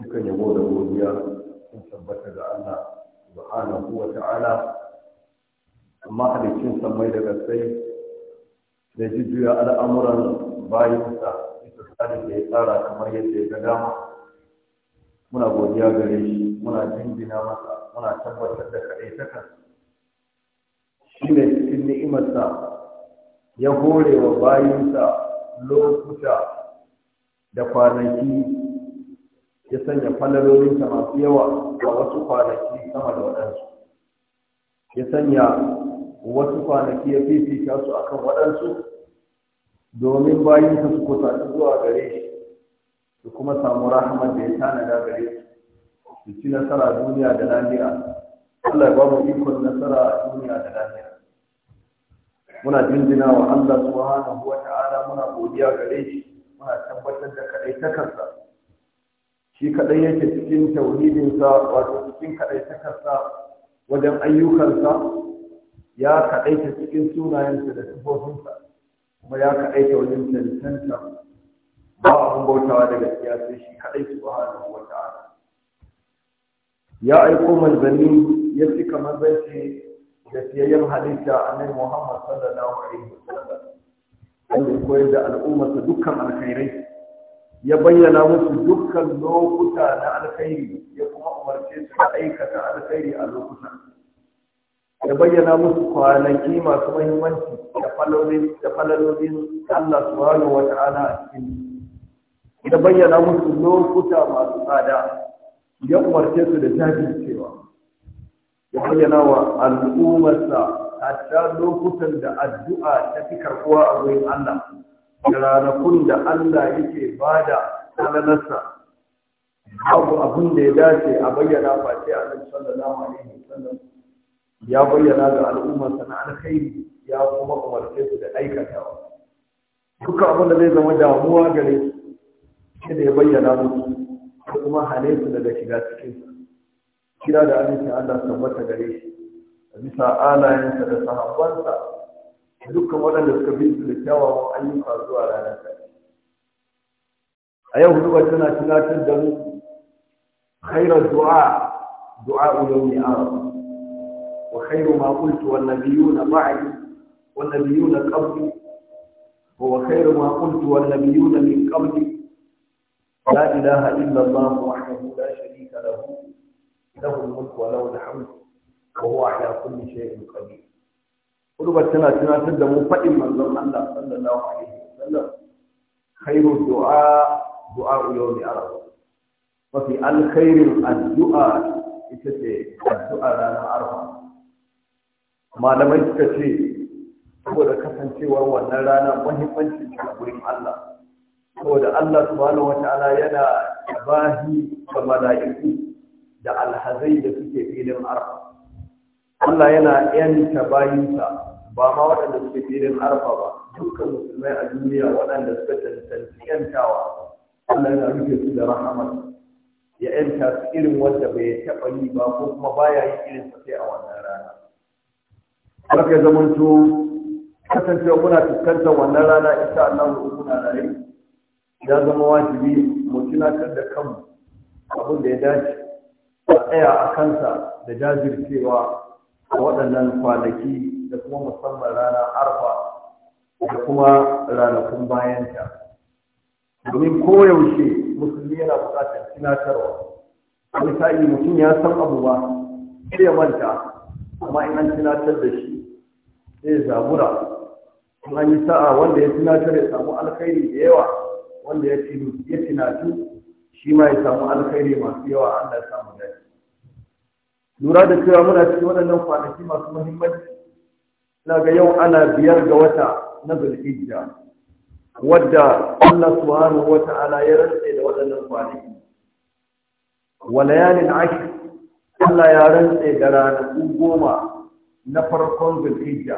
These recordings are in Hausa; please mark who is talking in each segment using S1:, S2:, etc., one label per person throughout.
S1: sukan yabo da godiya sun tabbata ga Allah subhanahu wa ta'ala amma halicin samai da gaskai da jujjuya al'amuran bayansa bisa tsarin da ya tsara kamar yadda ya ga dama muna godiya gare shi muna jinjina masa muna tabbatar da kaɗai taka shi ne cikin ni'imarsa ya hore wa bayinsa lokuta da kwanaki ya sanya falalolinsa masu yawa a wasu kwanaki sama da waɗansu
S2: ya sanya wasu kwanaki ya fifita su a kan waɗansu
S1: domin bayinsa su kusaci zuwa gare shi su kuma samu rahamar da ya tanada gare su su ci nasara duniya da lafiya Allah ya bamu ikon nasara a duniya da lafiya
S2: muna jinjina wa Allah
S1: subhanahu wa ta'ala muna godiya gare shi muna tabbatar da kadai takarsa shi kaɗai yake cikin tauhidinsa wato cikin kadai takarsa wajen ayyukansa ya kadai ta cikin sunayensa da sifofinsa kuma ya kadai ta wajen tantanta ba abin bautawa da gaskiya sai shi kadai subhanahu wata'ala
S2: ya aiko manzanni
S1: ya cika manzanci da siyayyar halitta annabi Muhammad sallallahu alaihi wasallam wanda ya koyar da al'ummarsa dukkan alkhairai ya bayyana musu dukkan lokuta na alkhairi ya kuma umarce su aikata alkhairi a lokuta ya bayyana musu kwanaki masu mahimmanci da falalolin Allah subhanahu wa ta'ala a cikin ya bayyana musu lokuta masu tsada ya umarce su da jajircewa ya bayyana wa al'ummarsa hatta lokutan da addu'a ta fi karkuwa a wurin Allah da ranakun da Allah yake bada halalasa abu abin da ya dace a bayyana face a nan sallallahu alaihi wasallam ya bayyana ga al'ummar sana alkhairi ya kuma umarce su da aikatawa duka abin da zai zama damuwa gare shi da ya bayyana musu ko kuma hane daga shiga cikin kira da amincin Allah tabbata gare shi bisa alayensa da sahabbansa dukkan waɗanda suka bi su da kyawawan ayyuka zuwa ranar ƙarshe a yau hudubar tana tunatar da mu khairar du'a du'a ulumi arab wa khairu ma qultu na nabiyuna ba'di wan na ƙabdi? wa khairu ma qultu wan na min qabli la ilaha illa allah wahdahu la sharika lahu lahu al-mulku wa lahu al-hamdu wa huwa ala kulli shay'in qadir Kurbar tana tunatar da mu faɗin manzon Allah sallallahu alaihi wasallam khairu du'a du'a yawmi arafa wa fi alkhairin addu'a ita ce addu'a ranar arafa malamai suka ce saboda kasancewar wannan rana mahimmanci, a gurin Allah saboda Allah subhanahu wata'ala yana bahi ga mala'iku da alhazai da suke filin arafa Allah yana yanta bayinsa ba ma waɗanda suke firin arfa ba dukkan musulmai a duniya waɗanda suka tantance yantawa Allah yana rufe su da rahaman ya yanta su irin wanda bai taɓa yi ba ko kuma baya yi irin sa sai a wannan rana Barka ya zamanto kasancewa muna fuskantar wannan rana insha Allah muna rai. ya zama wajibi mu tunatar da kanmu abin da ya dace a tsaya a kansa da jajircewa a waɗannan kwanaki da kuma musamman rana arfa da kuma ranakun bayanta domin koyaushe musulmi yana buƙatar tunatarwa misali mutum ya san abu ba ya manta amma in an tunatar da shi zai zabura in an yi sa'a wanda ya tunatar ya samu alkhairi da yawa wanda ya tunatu shi ma ya samu alkhairi masu yawa an da samu dace lura da cewa muna cikin waɗannan kwanaki masu muhimmanci na ga yau ana biyar ga wata na zulhijja wadda Allah subhanahu wa Ta'ala ya rantse da waɗannan kwanaki wa layalin ashir Allah ya rantse da ranaku goma na farkon zulhijja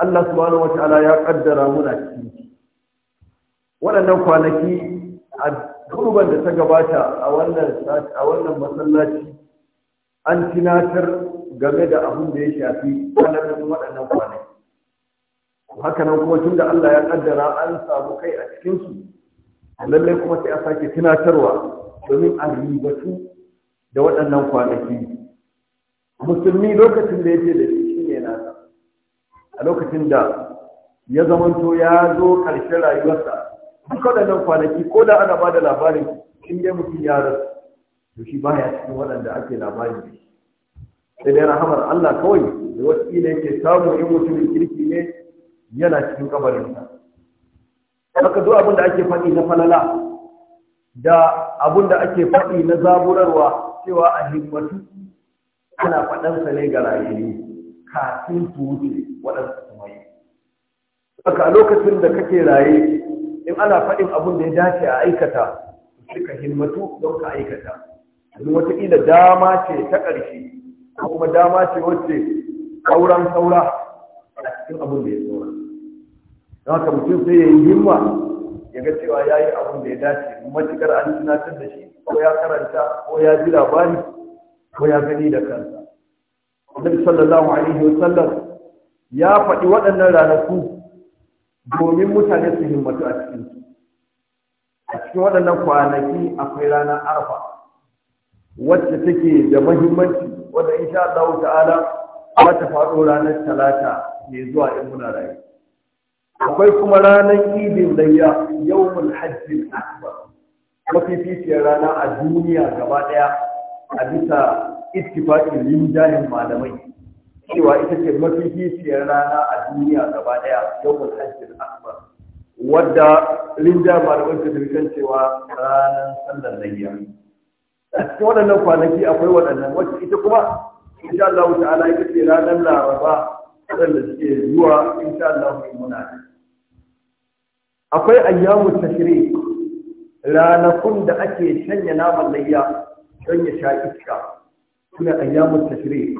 S1: Allah subhanahu wa Ta'ala ya kaddara muna cikin waɗannan kwanaki a turban da ta gabata a wannan masallaci an tunatar game da abin da ya shafi kwanakin waɗannan kwanaki haka nan kuma tun da Allah ya kaddara an samu kai a cikinsu lallai kuma sai a sake tunatarwa domin a ribatu da waɗannan kwanaki musulmi lokacin da yake da shi ne nasa a lokacin da ya zamanto ya zo ƙarshen rayuwarsa duk waɗannan kwanaki ko da ana ba da labarin in dai mutum ya rasu to shi baya cikin waɗanda ake labari da shi sai dai rahamar Allah kawai da wasu ne ke samu in mutumin kirki ne yana cikin kabarinsa haka duk abin da ake faɗi na falala da abin da ake faɗi na zaburarwa cewa a himmatu ana faɗansa ne ga rayuwa kafin su wuce waɗansu su mai haka a lokacin da kake raye in ana faɗin abin da ya dace a aikata suka himmatu don ka aikata wata ila dama ce ta ƙarshe ko kuma dama ce wacce sauran saura a cikin abin da ya saura don haka mutum sai ya yi himma ya ga cewa ya yi abin da ya dace matuƙar an tunatar da shi ko ya karanta ko ya ji labari ko ya gani da kansa Annabi sallallahu alaihi wa sallam ya faɗi waɗannan ranaku domin mutane su himmatu a cikin a cikin waɗannan kwanaki akwai ranar arfa wacce take da mahimmanci wanda insha Allah ta'ala za ta faɗo ranar talata mai zuwa in muna rayu akwai kuma ranar idin layya yawmul hajji akbar mafificiyar rana a duniya gaba ɗaya a bisa ittifaƙin linjayin malamai cewa ita ce mafificiyar rana a duniya gaba ɗaya yawmul hajji akbar wadda linjayin malamai ta cewa ranar sallar layya cikin waɗannan kwanaki akwai waɗannan wacce ita kuma insha Allah ta'ala ita ce ranar Laraba waɗanda suke zuwa insha Allah muna akwai ayyamu tashriq ranakun da ake shanya naman layya don ya sha iska suna ayyamu tashriq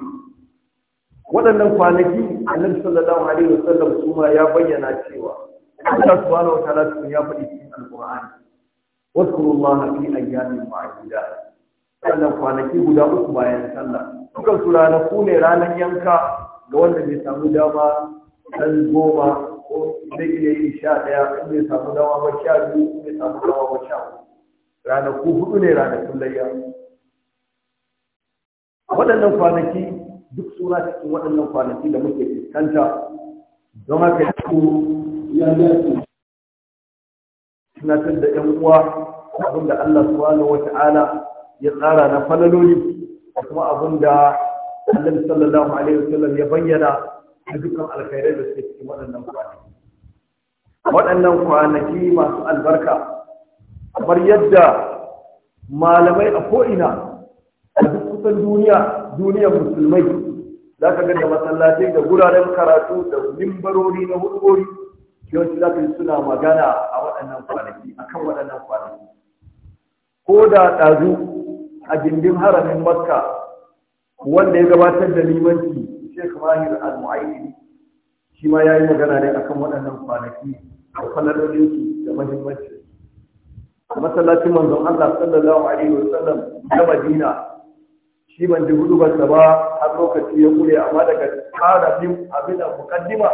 S1: waɗannan kwanaki annabi sallallahu alaihi wa sallam, kuma ya bayyana cewa Allah subhanahu wa ta'ala ya faɗi cikin alqur'ani واذكروا الله في أيام معدودات sannan kwanaki guda uku bayan sallah dukan su ranaku ne ranar yanka ga wanda bai samu dama dan goma ko zai iya yi sha ɗaya in bai samu dama ba sha biyu in bai samu dama ba sha ranaku hudu ne ranakun layya waɗannan kwanaki duk suna cikin waɗannan kwanaki da muke fuskanta don haka su ya tunatar da 'yan uwa abinda Allah subhanahu wa ta'ala ya tsara na falaloli da kuma abin da Allah sallallahu alaihi wasallam ya bayyana a dukkan alkhairai da suke cikin waɗannan kwanaki waɗannan kwanaki masu albarka kamar yadda malamai a ko'ina a duk kusan duniya duniya musulmai za ka ga da masallatai da guraren karatu da mimbarori na hudubori yawanci za ka yi suna magana a waɗannan kwanaki a waɗannan kwanaki ko da ɗazu a gindin haramin makka wanda ya gabatar da limanci shek mahir al-mu'ayyid shi ma ya magana ne akan waɗannan kwanaki da su da mahimmanci masallacin manzon Allah sallallahu alaihi wa sallam na Madina shi ban ji hudu ba har lokaci ya kure amma daga tsara bin abin da mukaddima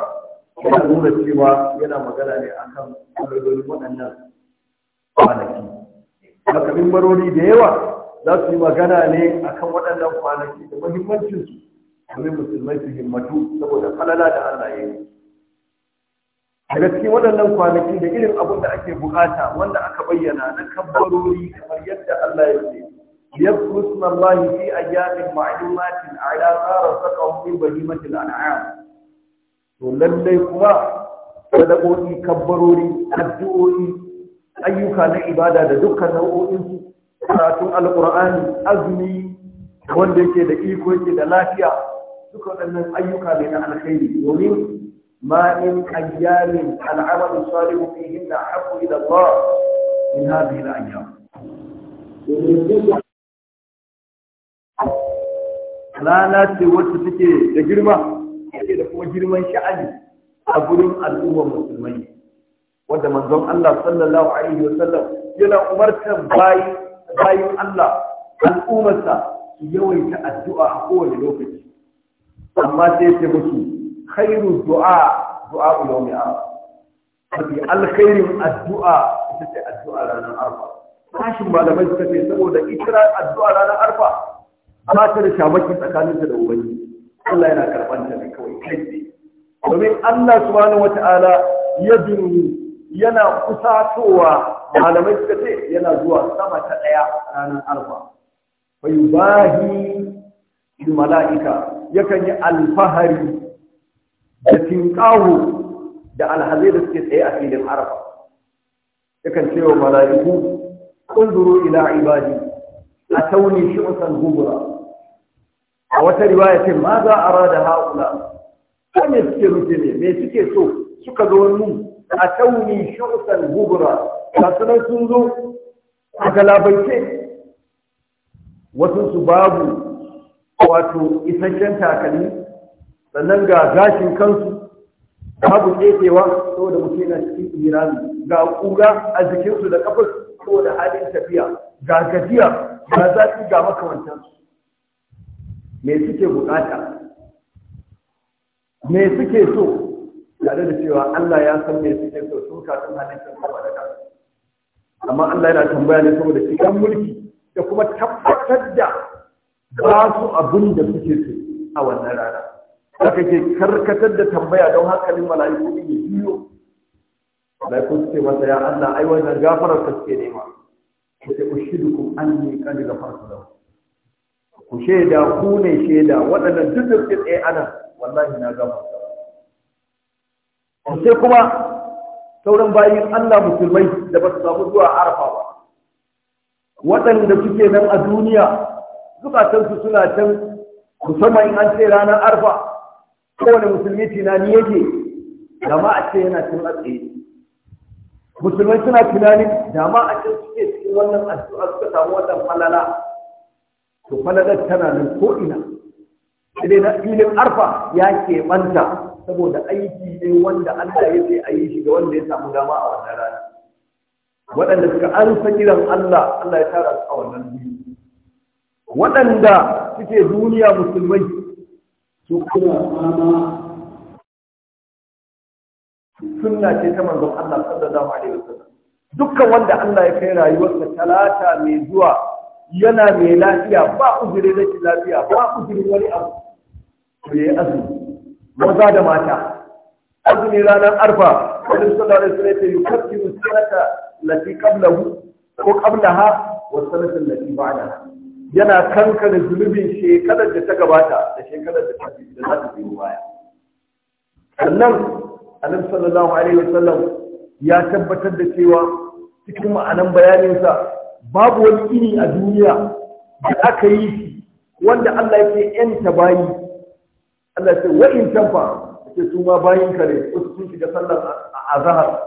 S1: yana nuna cewa yana magana ne akan falalolin waɗannan kwanaki haka mimbarori da yawa za su yi magana ne a kan waɗannan kwanaki da muhimmancinsu domin musulmai su himmatu saboda falala da Allah ya yi A gaske waɗannan kwanaki da irin abin da ake bukata wanda aka bayyana na kabbarori kamar yadda Allah ya ce yadkuru sunallahi fi ayyamin ma'lumatin saka tsara sakahu min bahimatil an'am to lallai kuma sadakoki kabbarori addu'o'i ayyuka na ibada da dukkan nau'o'insu karatun alkur'ani azumi wanda yake da iko yake da lafiya duka waɗannan ayyuka ne na alkhairi domin ma in ayyamin al'amal salihu fihin da haƙu ila Allah min hadhihi al-ayyam rana ce wacce take da girma take da kuma girman sha'ani a gurin al'ummar musulmai wanda manzon Allah sallallahu alaihi Sallam yana umartar bayi bayan Allah al'ummarsa su yawaita addu'a a kowane lokaci amma sai ce musu khairu du'a du'a yawmi arfa mafi alkhairin addu'a ita ce addu'a ranar arfa Kashin malamai suka ce saboda ita addu'a ranar arfa ba ta da shamaki tsakaninta da ubangiji Allah yana karɓar ta ne kawai kai tsaye domin Allah subhanahu wata'ala ya binu yana kusatowa malamai suka ce yana zuwa sama ta ɗaya ranar arfa fa yubahi bil mala'ika yakan yi alfahari da tinkahu da alhazai da suke tsaye a filin arfa yakan ce wa mala'iku zuru ila ibadi shi usan gubura a wata riwaya ce ma za a rada haula ko me suke rufe ne me suke so suka zo tauni shi usan gubura kasunan sun zo a wasu su babu wato isasshen takalmi sannan ga gashin kansu babu ƙefewa saboda mutum yana cikin irami ga ƙura a jikinsu da kafar saboda halin tafiya ga gajiya ga zafi ga makamantansu me suke bukata me suke so tare da cewa Allah ya san me suke so sun kasan halin tafiya da kansu amma Allah yana tambaya ne saboda cikin mulki da kuma tabbatar da ba su abin da suke so a wannan rana da kake karkatar da tambaya don hankalin mala'iku ne biyo mala'iku suke masa ya Allah ai wannan gafarar ka suke nema ku ce ushidukum anni qad ghafartu lahu ku shaida ku ne shaida waɗannan duk da suke tsaye ana wallahi na gafarta sai kuma sauran bayin Allah musulmai da ba su samu zuwa arafa ba waɗanda suke nan a duniya zukatansu suna can musamman in an ce ranar arfa kowane musulmi tunani yake dama a ce yana cin atsaye musulmai suna tunanin dama a can suke cikin wannan addu'a suka samu wannan falala to falalar tana nan ko ina sai na filin arfa ya keɓanta saboda aiki ne wanda Allah ya ce a yi shi ga wanda ya samu dama a wannan rana waɗanda suka arsa kiran Allah Allah ya tara su a wannan
S2: duniya waɗanda suke
S1: duniya musulmai su kuma fama sunna ce ta manzon Allah sallallahu alaihi wasallam dukkan wanda Allah ya kai rayuwarsa talata mai zuwa yana mai lafiya ba uzuri rashin lafiya ba uzuri wani abu to yayi azumi maza da mata azumi ranar arfa wani sallallahu alaihi wasallam ya yukaffiru sanata lati qablahu ko qablaha wa sanata lati ba'daha yana kankana zunubin shekarar da ta gabata da shekarar da ta da za ta biyo baya sannan annabi sallallahu alaihi wasallam ya tabbatar da cewa cikin ma'anan bayaninsa babu wani iri a duniya da aka yi wanda Allah yake yanta bayi Allah ya ce wa in tanfa ce su ma bayin ka ne wasu sun shiga sallar zahar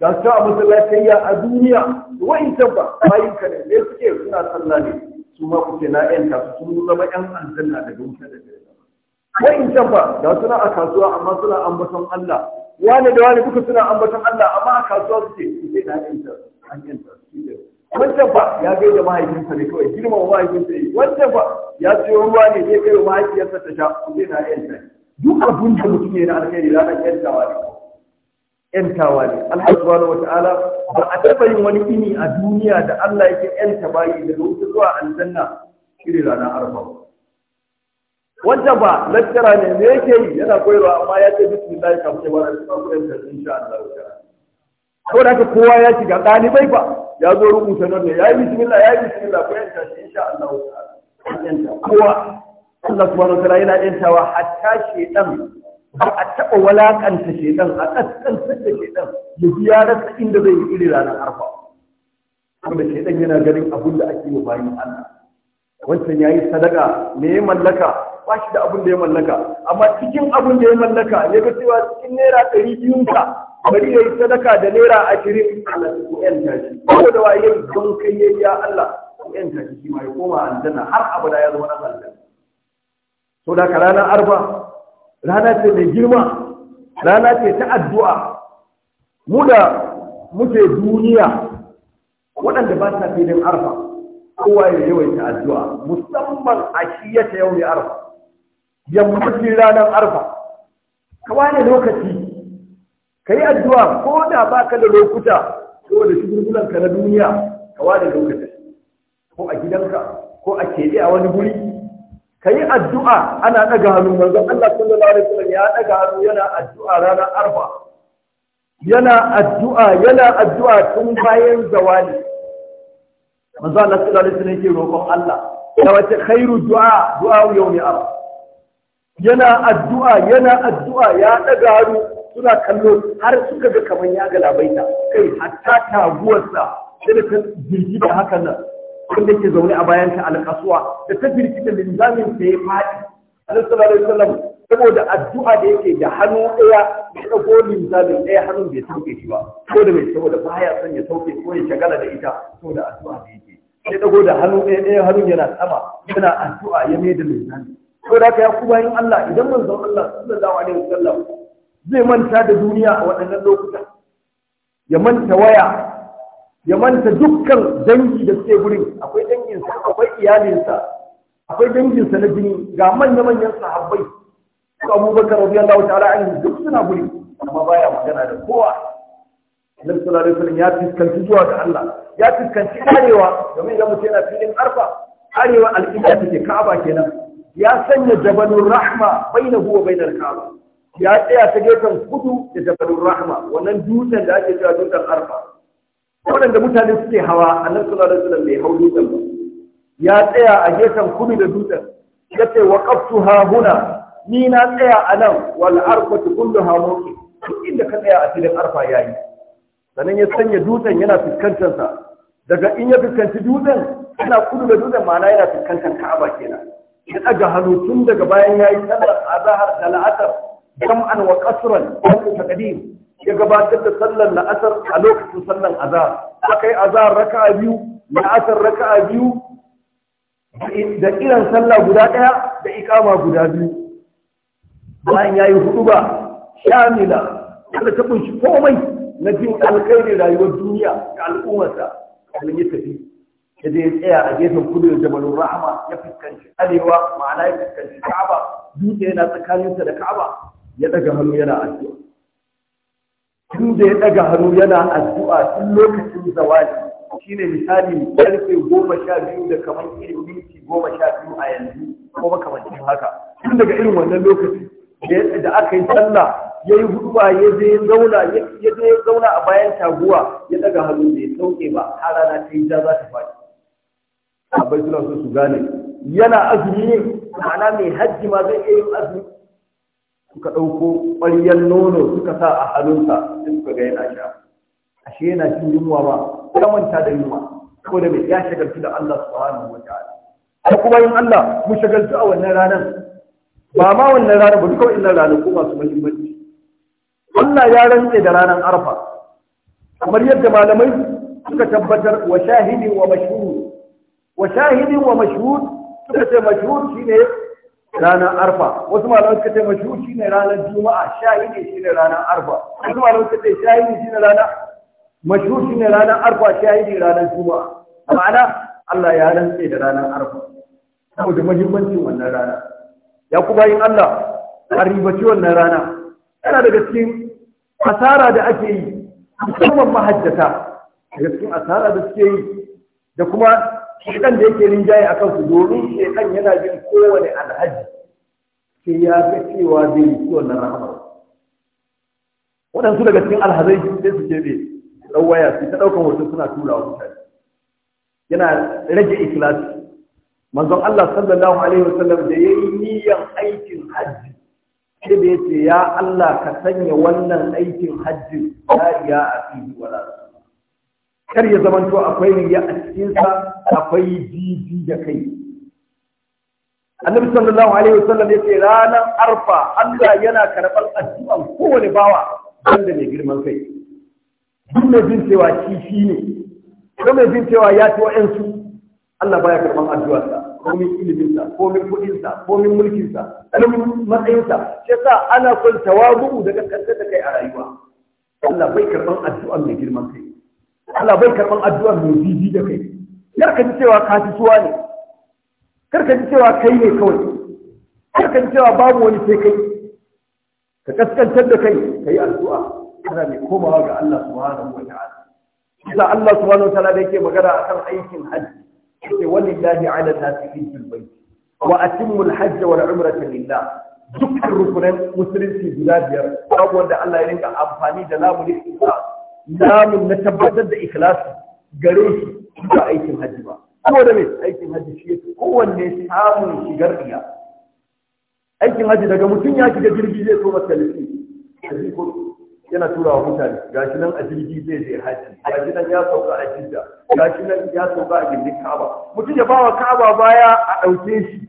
S1: da su a ya a duniya wa in tanfa bayin ka ne ne suke suna sallah ne su ma kuke na yan kasu sun zama yan aljanna daga wuta da gare wa in tanfa da suna a kasuwa amma suna ambaton Allah wani da wani kuka suna ambaton Allah amma a kasuwa suke suke na yan ta an yan ta wancan fa ya gai da mahaifinsa ne kawai girma wa mahaifinsa ne wancan fa ya ciyo ruwa ne zai kai wa mahaifiyarsa ta sha zai na yanta duk abin da mutum yana alheri ranar yantawa ne yantawa ne Allah subhanahu wataala ba a taɓa yin wani ini a duniya da Allah yake yanta bayi daga wuta zuwa aljanna shiri ranar arfa wancan ba lattara ne me yake yi yana koyarwa amma ya ce bismillah kafin ya bar aljanna ko insha Allah ta'ala
S2: saboda haka kowa ya shiga ɗalibai ba ya zo
S1: rubuta nan ne ya yi bismillah ya yi bismillah ko yanta shi insha Allah ta'ala kowa Allah subhanahu wa ta'ala yana yantawa hatta shedan ba a taɓa walakanta shedan a kaskantar da shedan ya ji ya rasa inda zai yi iri ranar arfa saboda shedan yana ganin abin da ake yi bayan Allah wancan ya yi sadaka me ya mallaka ba shi da abin da ya mallaka amma cikin abin da ya mallaka ya ga cewa cikin naira ɗari biyun ka bari ya yi sadaka da naira ashirin Allah ku yanta shi ko da waye don kai Allah ko yanta shi shi ya koma aljanna har abada ya zama nan aljanna to da ranar arfa rana ce mai girma rana ce ta addu'a mu da muke duniya waɗanda ba sa filin arfa kowa ya yawaita addu'a musamman a shi ya ta yau ne arfa yammacin ranar arfa Ka ne lokaci ka yi addu'a ko da ba ka da lokuta saboda shugurgulan ka na duniya ka ware lokacin ko a gidanka ko a keɓe a wani guri ka yi addu'a ana ɗaga hannu manzo Allah sallallahu alaihi wasallam ya ɗaga hannu yana addu'a ranar arba. yana addu'a yana addu'a tun bayan zawali manzo Allah sallallahu alaihi wasallam ke roƙon Allah da wace khairu du'a du'a yawmi arba. yana addu'a yana addu'a ya ɗaga hannu suna kallo har suka ga kamar ya galabaita kai hatta taguwarsa sai da ta jirgi da haka nan da ke zaune a bayan ta alƙasuwa da ta jirgi da linzamin ta ya faɗi alaihi wasallam saboda addu'a da yake da hannu ɗaya ya ɗago linzamin ɗaya hannun bai sauke shi ba da mai saboda baya son ya sauke ko ya shagala da ita saboda addu'a da yake ya ɗago da hannu ɗaya ɗaya hannun yana sama yana addu'a ya mai da linzamin da ka ya kuma yin Allah idan manzon Allah sallallahu alaihi wasallam zai manta da duniya a waɗannan lokutan ya manta waya ya manta dukkan dangi da suke gurin akwai danginsa akwai iyalinsa akwai danginsa na jini ga manya-manyan sahabbai su abubakar radiyallahu ta'ala an duk suna guri amma baya magana da kowa nan sallallahu alaihi ya fiskanci zuwa ga Allah ya fiskanci arewa domin idan mutum yana filin arfa arewa al'umma take ka'aba kenan ya sanya jabalur rahma bainahu wa na ka'aba ya tsaya ta gefen kudu da jabalur rahma wannan dutsen da ake cewa dutsen arfa waɗanda mutane suke hawa nan suna alaihi wasallam mai hau dutsen ba ya tsaya a gefen kudu da dutsen ya ce waqaftu ha huna ni na tsaya a nan wal arfatu kulluha mawqi duk inda ka tsaya a filin arfa yayi sannan ya sanya dutsen yana fuskantar sa daga in ya fuskanci dutsen yana kudu da dutsen ma'ana yana fuskantar ka'aba kenan ya daga hannu tun daga bayan yayi sallar azhar da la'asar jam'an wa kasran wani taqdim ya gabatar da sallar la'asar a lokacin sallar azhar akai azhar raka'a biyu la'asar raka'a biyu da irin sallah guda daya da ikama guda biyu bayan yayi hudu ba shamila wanda ta kunshi komai na jin alkhairi rayuwar duniya ga al'ummarsa kalin ya tafi ya je tsaya a gefen kudu da jabalun rahama ya fuskanci arewa ma'ana ya fuskanci ka'aba dutse yana tsakaninsa da ka'aba ya daga hannu yana addu'a tun da ya daga hannu yana addu'a tun lokacin shi shine misali ƙarfe goma sha biyu da kamar irin minti goma sha biyu a yanzu ko makamancin haka tun daga irin wannan lokaci da aka yi sallah ya yi huduwa ya je ya zauna ya je ya zauna a bayan taguwa ya daga hannu da ya sauke ba har rana ta yi ja za ta faɗi abai suna so su gane yana azumi ne ma'ana mai hajji ma zai iya yin azumi suka ɗauko ƙwaryar nono suka sa a hannunsa sai suka ga yana sha ashe yana cin yunwa ba ya manta da yunwa da mai ya shagaltu da Allah subhanahu wa ta'ala ai kuma yin Allah mu shagaltu a wannan ranar ba ma wannan ranar ba duka wannan ranar ko masu mahimmanci? Allah ya rantse da ranar Arfa kamar yadda malamai suka tabbatar wa shahidi wa mashhud wa shahidi wa mashhud suka ce mashhud shine ranar arfa wasu malamai suka ce mashu shi ne ranar juma'a shayi ne shi ne ranar arfa wasu malamai suka ce shayi ne shi ne ranar mashu shi ne ranar arfa shayi ne ranar juma'a ma'ana Allah ya rantse da ranar arfa saboda muhimmancin wannan rana ya kuma yin Allah a ribaci wannan rana yana daga cikin asara da ake yi musamman mahajjata daga cikin asara da suke yi da kuma shekan da yake rinjaye a kansu domin shekan yana jin kowane alhaji sai ya ga cewa zai yi ciwon na rahama waɗansu daga cikin alhazai sai su ce bai waya su ta ɗaukan hoton suna tura wa mutane yana rage ikilasi manzon Allah sallallahu alaihi wasallam da ya yi niyyar aikin hajji sai da yace ya Allah ka sanya wannan aikin hajji kariya a fili wala kar ya zamanto akwai riya a jikinsa akwai jiji da kai annabi sallallahu alaihi wasallam ya ce ranar arfa Allah yana karɓar addu'an kowane bawa wanda mai girman kai duk mai jin cewa shi shi ne ko mai jin cewa ya ci wa'ansu Allah baya karɓar addu'arsa komin sa komin kuɗinsa komin mulkinsa komin matsayinsa shi sa ana son tawazu daga kaskantar da kai a rayuwa Allah bai karɓar addu'an mai girman kai Allah bai karɓan addu'ar mai bibi da kai kar ka ji cewa ka suwa ne kar ka ji cewa kai ne kawai kar ka ji cewa babu wani sai kai ka kaskantar da kai ka yi addu'a kana mai komawa ga Allah subhanahu wa ta'ala isa Allah subhanahu wa ta'ala da yake magana kan aikin hajji sai walillahi ala nasi hajjul bait wa atimul hajj wal umrata lillah dukkan rukunan musulunci guda biyar babu wanda Allah ya rinka amfani da lamu ne namun na tabbatar da ikilasi gare shi ba aikin hajji ba saboda mai aikin hajji shi yake kowanne samun shigar iya aikin hajji daga mutum ya shiga jirgi zai so masa lissi yana tura wa mutane gashi nan a jirgi zai je hajji gashi nan ya sauka a Ga gashi nan ya sauka a gindin kaba mutum ya bawa kaba baya a ɗauke shi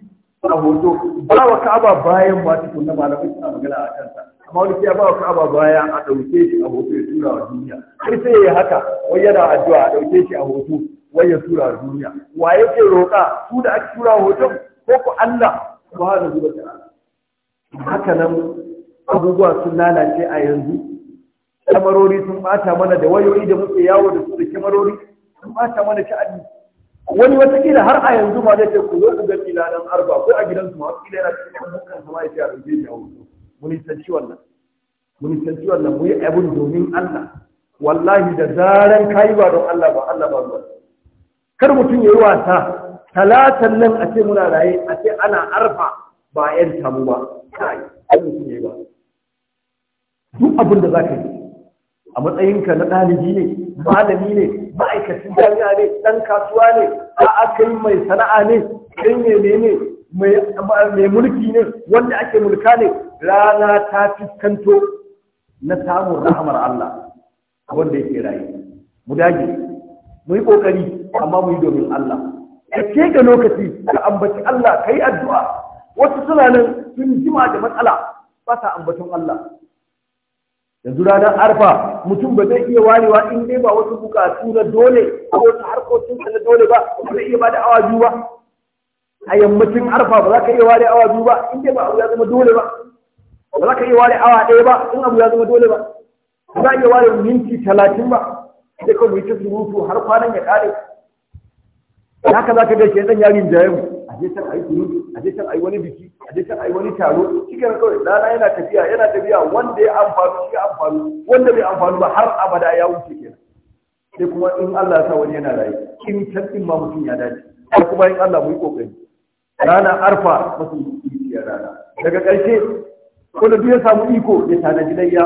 S1: a hoto bawa kaba bayan ba tukun na malamai suna magana a kansa wani ya ba ka ba baya a ɗauke shi a hoto ya tura wa duniya har sai ya haka wai yana addu'a a ɗauke shi a hoto wai ya tura wa duniya wa yake roƙa su da aka tura hoton ko ku Allah subhanahu wa ta'ala haka nan abubuwa sun lalace a yanzu Kamarori sun bata mana da wayoyi da muke yawo da su da kamarori? sun bata mana sha'ani wani kila har a yanzu ma zai ce ku zo ku ga filanan arba ko a gidansu ma kila yana cikin mukan sama ya ce a ɗauke shi a hoto Munisanci wannan mu yi abin domin Allah wallahi da zaren kayi ba don Allah ba Allah ba ruwa kar mutum ya yi wasa talatan nan a ce muna raye a ce ana arfa ba yan samu ba kai mutum ya yi ba. duk abin da za ka yi a matsayinka na ɗalibi ne malami ne ma'aikacin jami'a ne ɗan kasuwa ne a aka yi mai sana'a ne kai ne ne mai mulki ne wanda ake mulka ne rana ta fuskanto na samun rahamar Allah wanda yake rayu mu dage mu yi kokari amma mu yi domin Allah ka ke ga lokaci ka ambaci Allah ka yi addu'a wasu suna nan sun jima da matsala ba sa ambaton Allah yanzu ranar arfa mutum ba zai iya warewa in dai ba wasu bukatu na dole ko wasu harkokin na dole ba ba zai iya bada awa biyu ba a yammacin arfa ba za ka iya ware awa biyu ba in dai ba abu ya zama dole ba ba za ka iya ware awa ɗaya ba in abu ya zama dole ba ba za a iya ware minti talatin ba sai kawai ta surutu har kwanan ya ƙare da haka za ka ga ɗan yarin jaye mu a je can a yi surutu a je can a yi wani biki a je can a yi wani taro shi kenan kawai rana yana tafiya yana tafiya wanda ya amfani shi ya amfani wanda bai amfani ba har abada ya wuce kenan sai kuma in Allah ya sa wani yana rayu in can din ma mutum ya dace kuma in Allah mu yi kokari rana arfa mutum ya rana daga ƙarshe wanda duk ya samu iko ya tanaji layya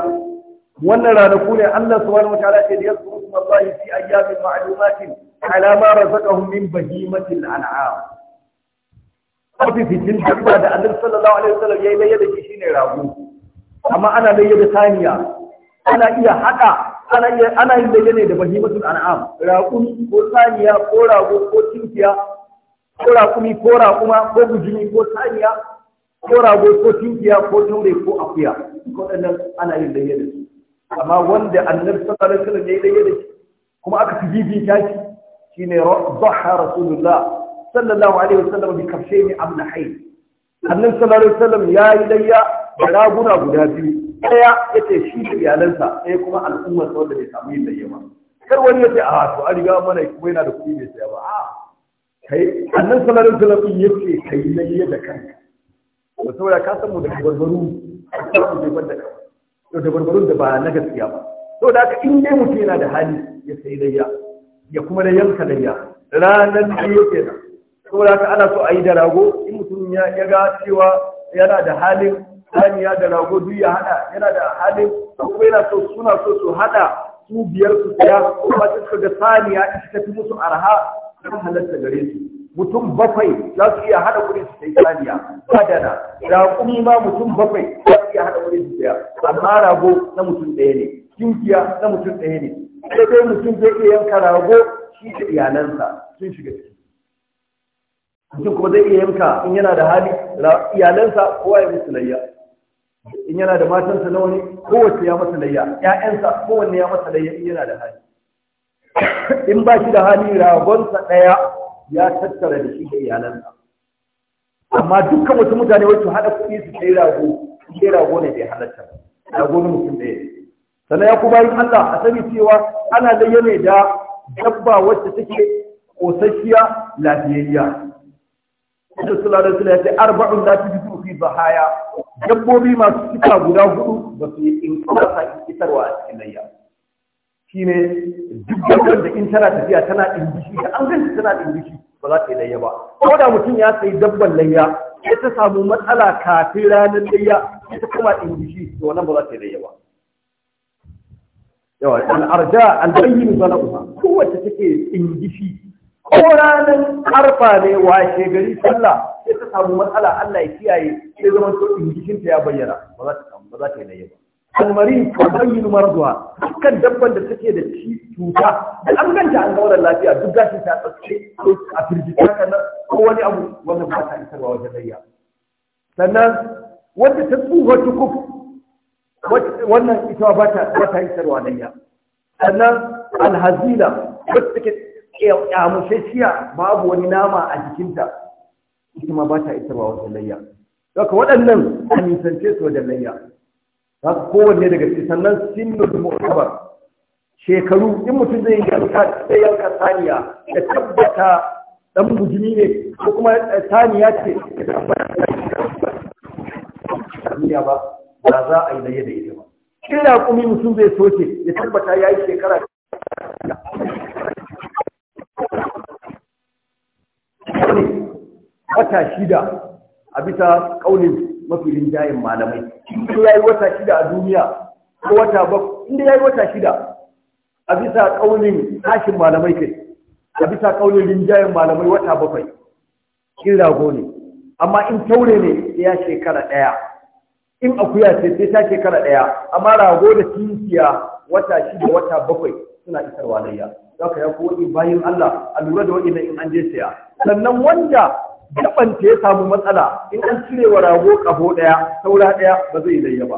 S1: wannan ranaku ne Allah subhanahu wataala ce da ya zuru kuma Allah fi ayyamin ma'lumatin ala ma razaqahum min bahimatil an'am Wafi fitin dabba da Annabi sallallahu alaihi wasallam yayi layya da shi shine rago amma ana layya da saniya ana iya hada ana iya ana yin layya ne da bahimatul an'am raƙumi ko saniya ko rago ko tinkiya ko raƙumi ko raƙuma ko bujimi ko saniya ko rago ko tunkiya ko taure ko akuya ko waɗannan ana yin daya da su amma wanda annabi sallallahu alaihi wasallam ya yi da shi kuma aka fi ta shi shine zahar rasulullah sallallahu alaihi wasallam bi amna hay annabi sallallahu alaihi wasallam ya yi da raguna guda biyu ɗaya ya ce shi da iyalansa ɗaya kuma al'ummar wanda bai samu yin layya ba kar wani ya ce a ah, to an riga mana kuma yana da kuɗi ne sai ba a kai annan sallallahu alaihi wasallam ya ce kai layya da kanka da saboda ka san mu da barbaru ka to da barbarun da ba na gaskiya ba to da haka in dai mutum yana da hali ya sayi layya ya kuma da yanka layya ranar da yake da saboda haka ana so a yi da rago in mutum ya ga cewa yana da halin saniya da rago duk ya hada yana da halin kuma yana so suna so su hada su biyar su tsaya. kuma suka ga saniya ita ta fi musu arha don halatta gare su mutum bakwai za su iya hada wurin su sai saniya badana raƙumi ma mutum bakwai za su iya hada wurin su saya amma rago na mutum ɗaya ne kinkiya na mutum ɗaya ne sai dai mutum zai iya yanka rago shi da iyalansa sun shiga ciki mutum kuma zai iya yanka in yana da hali iyalansa kowa ya musu layya in yana da matansa na wani kowace ya masa layya ƴaƴansa kowanne ya masa layya in yana da hali in ba shi da hali ragonsa ɗaya ya tattara da shi da iyalansa amma dukkan wasu mutane wacce haɗa kuɗi su kai rago kai rago ne bai halatta ba rago ne mutum ɗaya sannan ya ku bayan Allah a sani cewa ana da ne da dabba wacce take kosasshiya lafiyayya Wanda sallallahu alaihi wasallam ya ce arba'un la tujidu fi bahaya dabbobi masu cika guda hudu ba su yi in sake kitarwa a cikin layya shine duk da in tana tafiya tana dingishi da an ganta tana dingishi ba za ta yi layya ba ko da mutum ya sayi dabban layya ya ta samu matsala kafin ranar layya ya ta kama ingishi to wannan ba za ta yi layya ba yawa al'arja kuma ko wacce take ingishi ko ranar arfa ne washe gari sallah sai ta samu matsala Allah ya kiyaye sai zama to ingishinta ya bayyana ba za ta ba za ta yi layya ba almari ta bayyin marzuwa dukkan dabban da take da ci cuta da an ganta an gauran lafiya duk gashin ta tsatsace a firgita ka nan ko wani abu wanda ba ta isarwa wajen layya sannan wanda ta tsufa tukuf wannan ita ba ta ba ta isarwa layya sannan alhazila wacce take kyamushashiya babu wani nama a jikinta ita ma ba ta isarwa wajen layya. Daga waɗannan an nisance su wajen layya. za su kowanne daga cikin sannan sinnul mu'tabar shekaru in mutum zai yanka sai saniya ya tabbata dan bujimi ne ko kuma eh, saniya ce ya tabbata ba ba za a yi laye da ita ba in kuma mutum zai soke ya tabbata ya yi shekara wata shida a bisa ƙaunin mafi rinjayen malamai in ya yi wata shida a duniya ko wata ba in ya yi wata shida a bisa kaunin tashin malamai kai a bisa kaunin rinjayen malamai wata bakwai in rago ne amma in taure ne ya shekara ɗaya in akuya ce sai ta shekara ɗaya amma rago da tinkiya wata shida wata bakwai suna isarwa layya za ka ya kowa bayan Allah a lura da waɗanda in an je siya sannan wanda gabanta ya samu matsala in an cire wa rago ƙaho ɗaya saura ɗaya ba zai layya ba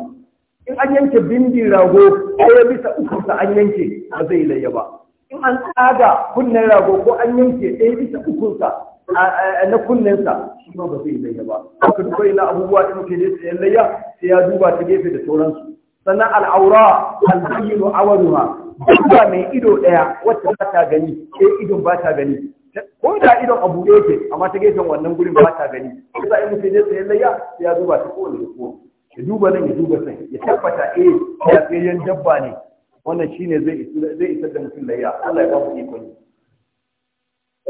S1: in an yanke bindin rago ɗaya bisa uku ta an yanke ba zai layya ba in an tsaga kunnen rago ko an yanke ɗaya bisa uku sa na kunnensa shi ba zai layya ba haka duk abubuwa da muke da layya sai ya duba ta gefe da sauransu sannan al'aura albayyinu awaruha ba mai ido ɗaya wacce ba ta gani sai idon ba ta gani ko da idon abu da yake amma ta gefen wannan gurin ba ta gani kusa in mutum ya tsaye layya sai ya duba ta kowane da ya duba nan ya duba sai ya tabbata eh ya 'yan dabba ne wannan shine zai zai isar da mutum layya Allah ya ba mu iko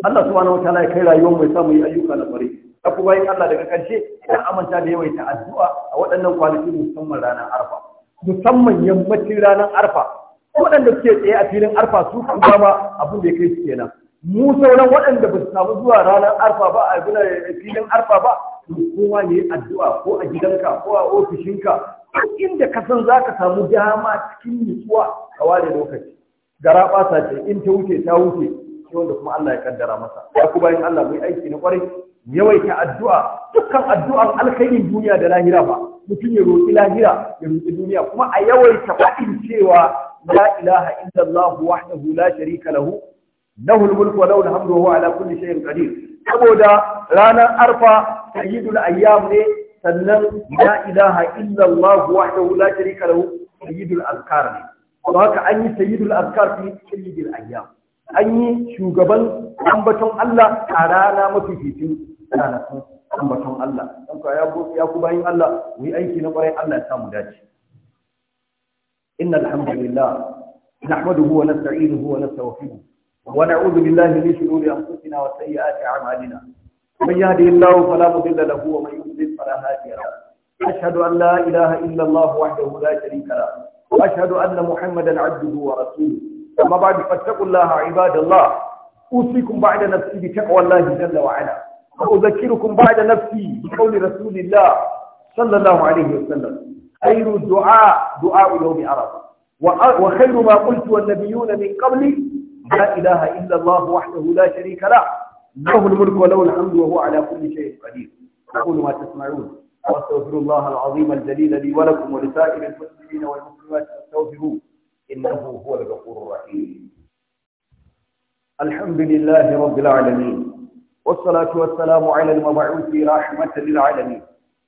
S2: Allah subhanahu wataala ya kai rayuwar
S1: mai samu yi ayyuka na kwarai ka kuma yin Allah daga karshe ya amanta da yawaita addu'a a waɗannan kwanaki musamman ranar arfa musamman yammacin ranar arfa waɗanda suke tsaye a filin arfa su kan dama abin da ya kai su kenan mu sauran waɗanda ba su samu zuwa ranar arfa ba a gina filin arfa ba kowa ne addu'a ko a gidanka ko a ofishinka inda ka san za ka samu dama cikin nutsuwa a ware lokaci gara ɓasa ce in ta wuce ta wuce shi wanda kuma Allah ya kaddara masa ya ku bayan Allah mai aiki na kwarai yawaita addu'a dukkan addu'an alkhairin duniya da lahira ba mutum ya roƙi lahira ya roƙi duniya kuma a yawaita faɗin cewa la ilaha illallah wahdahu la sharika lahu lahul mulku wa lahul hamdu wa ala kulli shay'in qadir saboda ranar arfa ta yi sayyidul ayyam ne sannan la illallah illa allah wahdahu la ta yi dula azkar ne to haka an yi sayyidul azkar fi sayyidil ayyam an yi shugaban ambaton Allah a rana mafi fitin ranakun ambaton Allah don ka ya ku bayin Allah mu yi aiki na kwarai Allah ya samu dace inna alhamdulillah nahmaduhu wa nasta'inuhu wa nastaghfiruh ونعوذ بالله من شرور أنفسنا وسيئات أعمالنا من يهده الله فلا مضل له ومن يضلل فلا هادي له أشهد أن لا إله إلا الله وحده لا شريك له وأشهد أن محمدا عبده ورسوله أما بعد فاتقوا الله عباد الله أوصيكم بعد نفسي بتقوى الله جل وعلا وأذكركم بعد نفسي بقول رسول الله صلى الله عليه وسلم خير الدعاء دعاء يوم عرفة وخير ما قلت والنبيون من قبلي لا إله إلا الله وحده لا شريك له له الملك وله الحمد وهو على كل شيء قدير أقول ما تسمعون وأستغفر الله العظيم الجليل لي ولكم ولسائر المسلمين والمسلمات فاستغفروه إنه هو الغفور الرحيم الحمد لله رب العالمين والصلاة والسلام على المبعوث رحمة للعالمين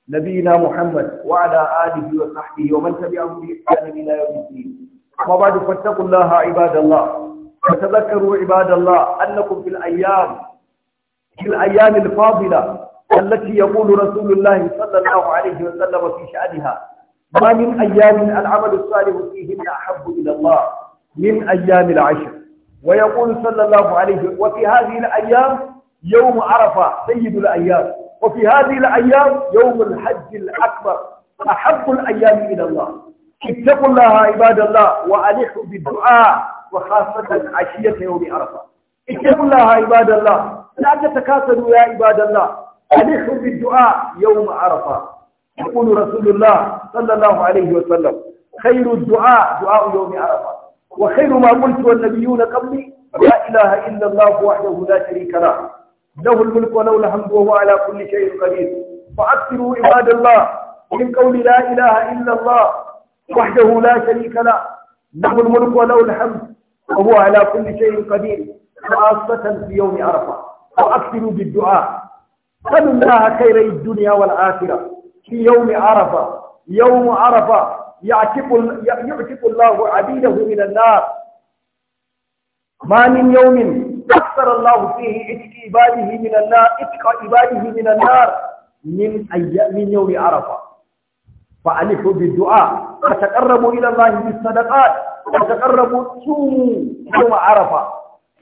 S1: نبينا محمد وعلى آله وصحبه ومن تبعهم بإحسان إلى يوم الدين وبعد بعد فاتقوا الله عباد الله فتذكروا عباد الله أنكم في الأيام في الأيام الفاضلة التي يقول رسول الله صلى الله عليه وسلم في شأنها ما من أيام العمل الصالح فيهن أحب إلى الله من أيام العشر ويقول صلى الله عليه وسلم وفي هذه الأيام يوم عرفة سيد الأيام وفي هذه الأيام يوم الحج الأكبر أحب الأيام إلى الله اتقوا الله عباد الله وألحوا بالدعاء وخاصة عشية يوم عرفة اتقوا الله عباد الله لا تتكاسلوا يا عباد الله ألحوا بالدعاء يوم عرفة يقول رسول الله صلى الله عليه وسلم خير الدعاء دعاء يوم عرفة وخير ما قلت والنبيون قبلي لا إله إلا الله وحده لا شريك له له الملك وله الحمد وهو على كل شيء قدير فأكثروا عباد الله من قول لا إله إلا الله وحده لا شريك له له الملك وله الحمد وهو على كل شيء قدير خاصة في يوم عرفة وأكثروا بالدعاء سلوا الله خير الدنيا والآخرة في يوم عرفة يوم عرفة يعتق الله عبيده من النار ما من يوم أكثر الله فيه اتق عباده من النار اتق عباده من النار من أي من يوم عرفة فألحوا بالدعاء فتقربوا إلى الله بالصدقات وتقربوا صوموا يوم عرفة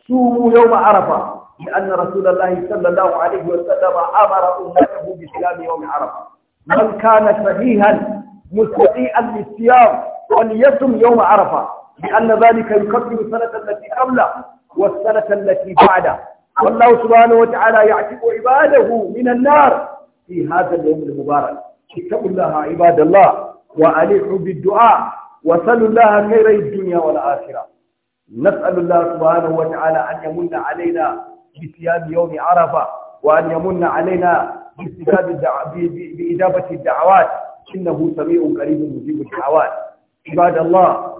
S1: صوموا يوم عرفة لأن رسول الله صلى الله عليه وسلم أمر أمته بصيام يوم عرفة من كان صحيحا مستطيعا للصيام وليصم يوم عرفة لأن ذلك يقدم السنة التي قبله والسنة التي بعده والله سبحانه وتعالى يعتق عباده من النار في هذا اليوم المبارك اتقوا الله عباد الله وأليحوا بالدعاء وسلوا الله خير الدنيا والآخرة نسأل الله سبحانه وتعالى أن يمن علينا بصيام يوم عرفة وأن يمن علينا بإجابة الدعوات إنه سميع قريب مجيب الدعوات عباد الله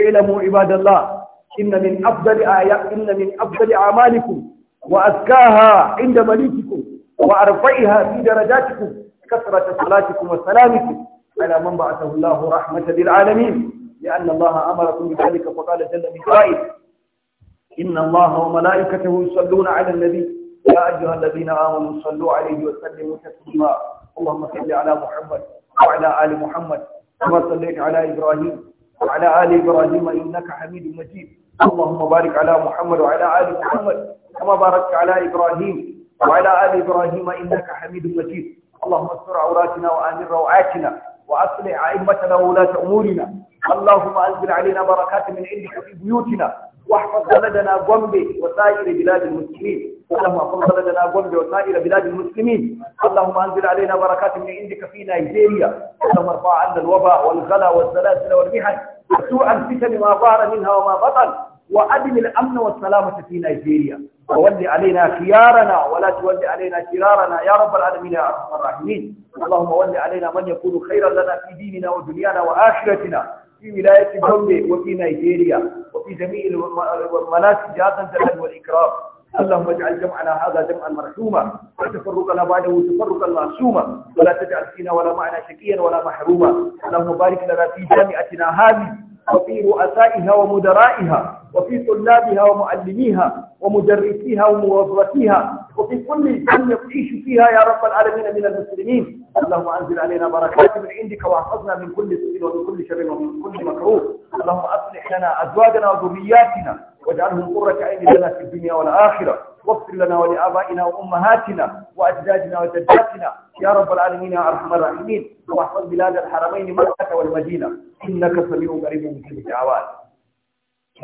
S1: اعلموا عباد الله إن من أفضل آيات إن من أفضل أعمالكم وأزكاها عند مليككم وأرفعها في درجاتكم كثرة صلاتكم وسلامكم على من بعثه الله رحمة للعالمين لأن الله أمركم بذلك فقال جل من قائل إن الله وملائكته يصلون على النبي يا أيها الذين آمنوا صلوا عليه وسلموا تسليما اللهم صل على محمد وعلى آل محمد كما صليت على إبراهيم وعلى آل إبراهيم إنك حميد مجيد اللهم بارك على محمد وعلى آل محمد كما باركت على إبراهيم وعلى آل إبراهيم إنك حميد مجيد اللهم استر عوراتنا وآمن روعاتنا وأصلح أئمتنا وولاة أمورنا اللهم أنزل علينا بركات من عندك في بيوتنا واحفظ بلدنا غومبي وسائر بلاد المسلمين اللهم احفظ بلدنا غومبي وسائر بلاد المسلمين اللهم انزل علينا بركات من عندك في نيجيريا اللهم ارفع عنا الوباء والغلا والزلازل والمحن وسوء الفتن ما ظهر منها وما بطن وادم الامن والسلامه في نيجيريا وولي علينا خيارنا ولا تولي علينا شرارنا يا رب العالمين يا ارحم الراحمين اللهم ول علينا من يكون خيرا لنا في ديننا ودنيانا واخرتنا في ولايه بومبي وفي نيجيريا وفي جميع المناسك جاتا الجلال والاكرام اللهم اجعل جمعنا هذا جمعا مرحوما وتفرقنا بعده تفرقا معصوما ولا تجعل فينا ولا معنا شقيا ولا محروما اللهم بارك لنا في جامعتنا هذه وفي رؤسائها ومدرائها وفي طلابها ومعلميها ومدرسيها وموظفيها وفي كل من يعيش فيها يا رب العالمين من المسلمين اللهم انزل علينا بركات من عندك واحفظنا من كل سوء ومن كل شر ومن كل مكروه اللهم اصلح لنا ازواجنا وذرياتنا واجعلهم قرة عين لنا في الدنيا والآخرة واغفر لنا ولآبائنا وأمهاتنا وأجدادنا وجداتنا يا رب العالمين يا أرحم الراحمين واحفظ بلاد الحرمين مكة والمدينة إنك سميع قريب كل الدعوات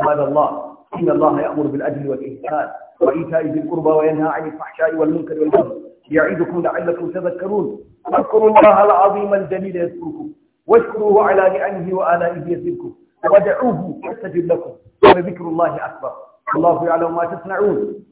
S1: عباد الله إن الله يأمر بالعدل والإحسان وإيتاء ذي القربى وينهى عن الفحشاء والمنكر والبغي يعيدكم لعلكم تذكرون اذكروا الله العظيم الجليل يذكركم واشكروه على نعمه وآلائه يزدكم ودعوه يستجب لكم ولذكر الله أكبر الله يعلم ما تصنعون